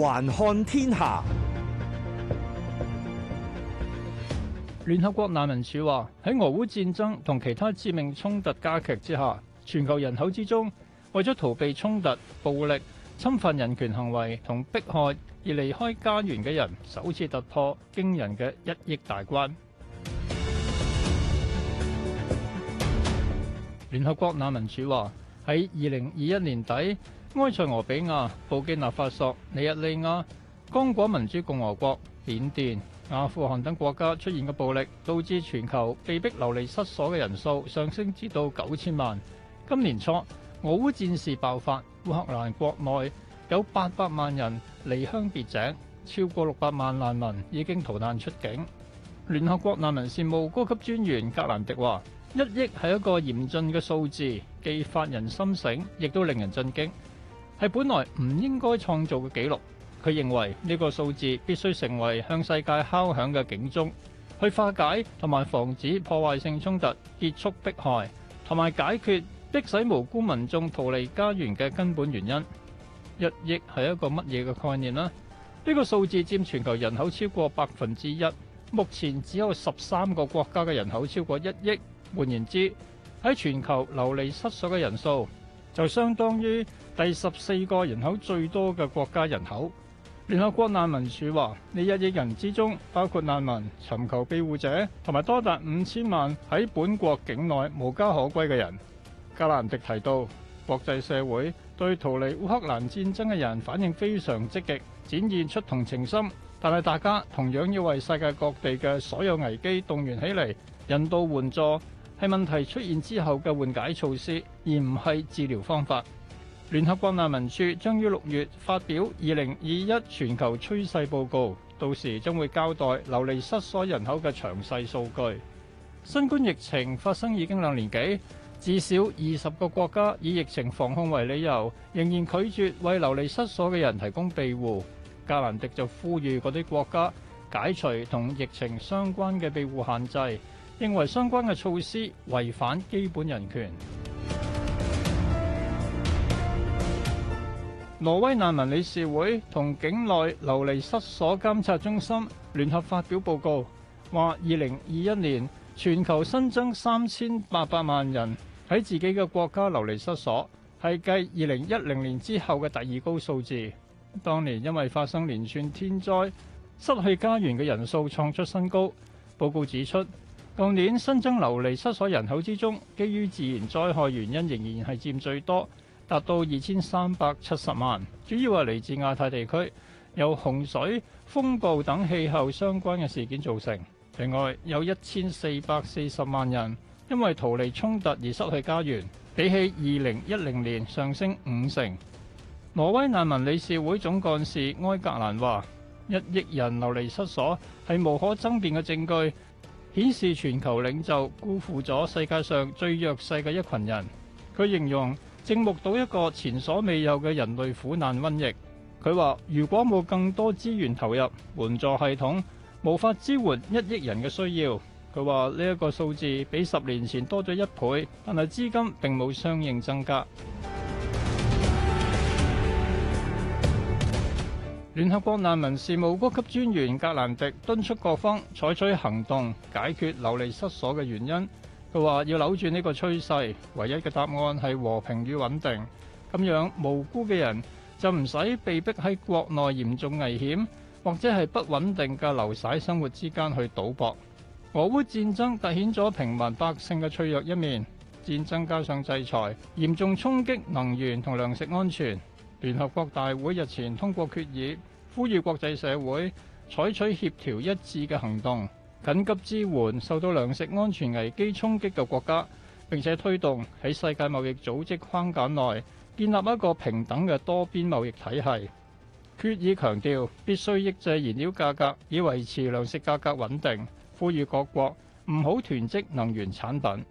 環看天下，聯合國難民署話喺俄烏戰爭同其他致命衝突加劇之下，全球人口之中，為咗逃避衝突、暴力、侵犯人權行為同迫害而離開家園嘅人，首次突破驚人嘅一億大關。聯合國難民署話喺二零二一年底，埃塞俄比亞、布基納法索、尼日利亞、剛果民主共和國、緬甸、阿富汗等國家出現嘅暴力，導致全球被逼流離失所嘅人數上升，至到九千萬。今年初，俄烏戰事爆發，烏克蘭國內有八百萬人離鄉別井，超過六百萬難民已經逃難出境。聯合國難民事務高級專員格蘭迪話：一億係一個嚴峻嘅數字，既發人深省，亦都令人震驚。係本來唔應該創造嘅記錄，佢認為呢個數字必須成為向世界敲響嘅警鐘，去化解同埋防止破壞性衝突，結束迫害，同埋解決迫使無辜民眾逃離家園嘅根本原因。一億係一個乜嘢嘅概念啦？呢個數字佔全球人口超過百分之一，目前只有十三個國家嘅人口超過一億。換言之，喺全球流離失所嘅人數。就相當於第十四個人口最多嘅國家人口。聯合國難民署話，呢一億人之中，包括難民、尋求庇護者同埋多達五千萬喺本國境內無家可歸嘅人。格蘭迪提到，國際社會對逃離烏克蘭戰爭嘅人反應非常積極，展現出同情心，但係大家同樣要為世界各地嘅所有危機動員起嚟，人道援助。係問題出現之後嘅緩解措施，而唔係治療方法。聯合國難民署將於六月發表《二零二一全球趨勢報告》，到時將會交代流離失所人口嘅詳細數據。新冠疫情發生已經兩年幾，至少二十個國家以疫情防控為理由，仍然拒絕為流離失所嘅人提供庇護。加蘭迪就呼籲嗰啲國家解除同疫情相關嘅庇護限制。認為相關嘅措施違反基本人權。挪威難民理事會同境內流離失所監察中心聯合發表報告，話二零二一年全球新增三千八百萬人喺自己嘅國家流離失所，係繼二零一零年之後嘅第二高數字。當年因為發生連串天災，失去家園嘅人數創出新高。報告指出，舊年新增流離失所人口之中，基於自然災害原因仍然係佔最多，達到二千三百七十萬，主要係嚟自亞太地區，由洪水、風暴等氣候相關嘅事件造成。另外，有一千四百四十萬人因為逃離衝突而失去家園，比起二零一零年上升五成。挪威難民理事會總幹事埃格蘭話：一億人流離失所係無可爭辯嘅證據。顯示全球領袖辜負咗世界上最弱勢嘅一群人。佢形容正目睹一個前所未有嘅人類苦難瘟疫。佢話：如果冇更多資源投入，援助系統無法支援一億人嘅需要。佢話呢一個數字比十年前多咗一倍，但係資金並冇相應增加。聯合國難民事務高級專員格蘭迪敦促各方採取行動解決流離失所嘅原因。佢話：要扭轉呢個趨勢，唯一嘅答案係和平與穩定。咁樣無辜嘅人就唔使被逼喺國內嚴重危險或者係不穩定嘅流徙生活之間去賭博。俄烏戰爭凸顯咗平民百姓嘅脆弱一面。戰爭加上制裁，嚴重衝擊能源同糧食安全。聯合國大會日前通過決議，呼籲國際社會採取協調一致嘅行動，緊急支援受到糧食安全危機衝擊嘅國家，並且推動喺世界貿易組織框架內建立一個平等嘅多邊貿易體系。決議強調必須抑制燃料價格，以維持糧食價格穩定，呼籲各國唔好囤積能源產品。